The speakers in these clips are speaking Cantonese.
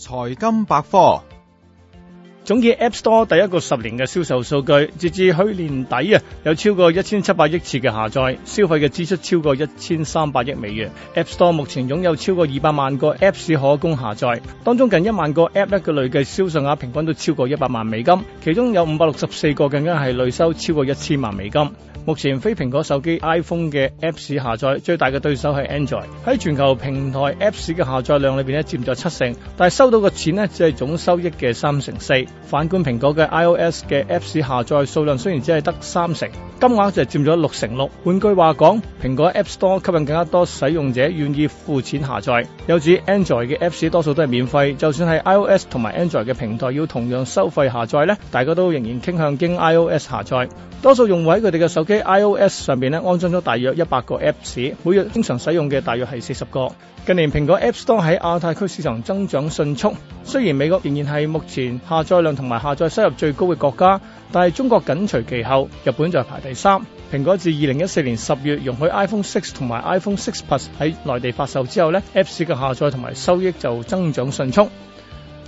財金百科總結 App Store 第一個十年嘅銷售數據，截至去年底啊，有超過一千七百億次嘅下載，消費嘅支出超過一千三百億美元。App Store 目前擁有超過二百萬個 Apps 可供下載，當中近一萬個 App 累計嘅銷售額平均都超過一百萬美金，其中有五百六十四個更加係累收超過一千萬美金。目前非蘋果手機 iPhone 嘅 Apps 下載最大嘅對手係 Android，喺全球平台 Apps 嘅下載量裏邊咧佔咗七成，但係收到嘅錢咧只係總收益嘅三成四。反觀蘋果嘅 iOS 嘅 Apps 下載數量雖然只係得三成，金額就係佔咗六成六。換句話講，蘋果 App Store 吸引更加多使用者願意付錢下載。有指 Android 嘅 Apps 多數都係免費，就算係 iOS 同埋 Android 嘅平台要同樣收費下載咧，大家都仍然傾向經 iOS 下載。多數用戶喺佢哋嘅手機 iOS 上面咧安裝咗大約一百個 Apps，每日經常使用嘅大約係四十個。近年蘋果 App Store 喺亞太區市場增長迅速，雖然美國仍然係目前下載量同埋下載收入最高嘅國家，但係中國緊隨其後，日本就係排第三。蘋果自二零一四年十月容許 iPhone 6同埋 iPhone 6 Plus 喺內地發售之後咧，Apps 嘅下載同埋收益就增長迅速。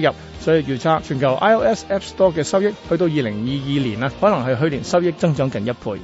入，所以預測全球 iOS App Store 嘅收益去到二零二二年咧，可能係去年收益增長近一倍。